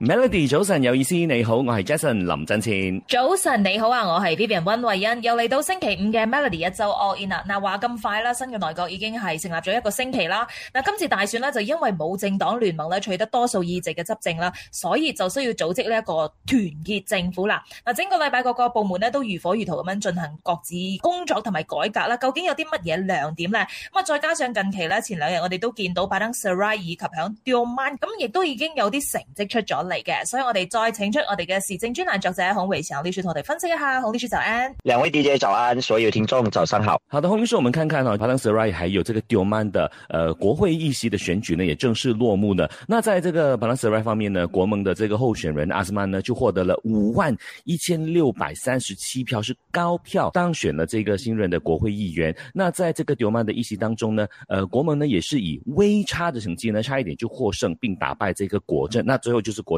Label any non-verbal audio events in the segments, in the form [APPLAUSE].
Melody，早晨有意思，你好，我係 Jason 林振前，早晨你好啊，我係 Vivian 溫慧欣，又嚟到星期五嘅 Melody 一周 All In 啦。嗱，話咁快啦，新嘅內閣已經係成立咗一個星期啦。嗱，今次大選呢，就因為冇政黨聯盟咧取得多數議席嘅執政啦，所以就需要組織呢一個團結政府啦。嗱，整個禮拜各個部門咧都如火如荼咁樣進行各自工作同埋改革啦。究竟有啲乜嘢亮點咧咁啊，再加上近期咧前兩日我哋都見到巴東色海以及響刁曼咁，亦都已經有啲成績出咗。嚟嘅，所以我哋再請出我哋嘅時政專欄作者孔維祥律師同我哋分析一下。孔律師早安，兩位 DJ 早安，所有聽眾早上好。好的，孔律師，我們看看哦，巴東色海還有這個刁曼的，誒、呃，國會議席的選舉呢，也正式落幕了。那在這個巴東色海方面呢，國盟的這個候選人阿斯曼呢，就獲得了五萬一千六百三十七票，是高票當選了這個新任的國會議員。那在這個刁曼的議席當中呢，呃，國盟呢也是以微差的成績呢，差一點就獲勝並打敗這個國陣。那最後就是國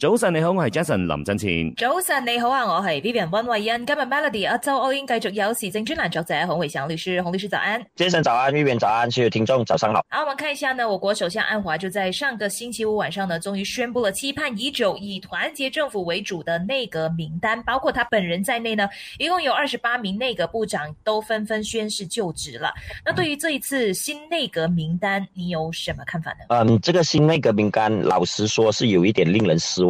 早晨你好，我是 Jason 林振前。早晨你好啊，我是 Vivian Wayan。今日 Melody 阿周 All In 繼續有時政專欄作者洪偉祥律師，洪律師早安。Jason 早安，Vivian 早安，所有聽眾早上好。好，我們看一下呢，我國首相安華就在上個星期五晚上呢，終於宣布了期盼已久以團結政府為主的內閣名單，包括他本人在內呢，一共有二十八名內閣部長都紛紛宣誓就職了。那對於這一次新內閣名單，你有什麼看法呢？嗯，這個新內閣名單，老實說，是有一點令人失望。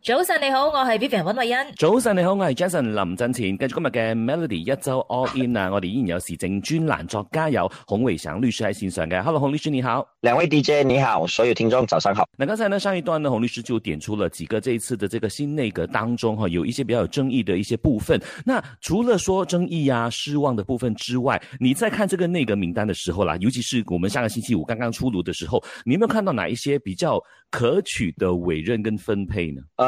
早晨你好，我係 Vivian 温慧欣。早晨你好，我係,係 Jason 林振晴。跟住今日嘅 Melody 一周 All In 啊， [LAUGHS] 我哋依然有時政專欄作家有洪偉祥律師喺線上嘅。Hello，洪律師你好。兩位 DJ 你好，所有聽眾早上好。嗱，剛才呢上一段呢，洪律師就點出了幾個這一次的這個新內閣當中，啊，哈，有一些比較有爭議的一些部分。那除了說爭議啊、失望的部分之外，你在看這個內閣名單的時候啦，尤其是我們上個星期五剛剛出爐的時候，你有冇看到哪一些比較可取的委任跟分配呢？呃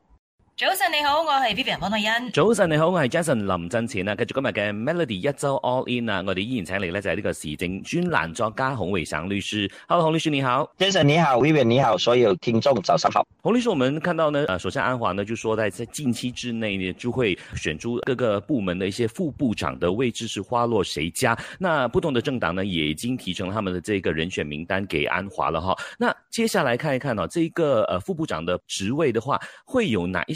早晨你好，我係 Vivian 方佩欣。早晨你好，我係 Jason 林振前呢，繼續今日嘅 Melody 一周 All In 啊，我哋依然請嚟咧就係呢個時政專欄作家洪偉祥律師。Hello，洪律師你好，Jason 你好，Vivian 你好，所有聽眾早上好。洪律師，我們看到呢，誒、呃，首相安華呢就說在在近期之內呢就會選出各個部門的一些副部長的位置是花落誰家。那不同的政黨呢也已經提呈他們的這個人選名單給安華了哈。那接下來看一看哦、啊，這一個誒、呃、副部長的職位的話會有哪一？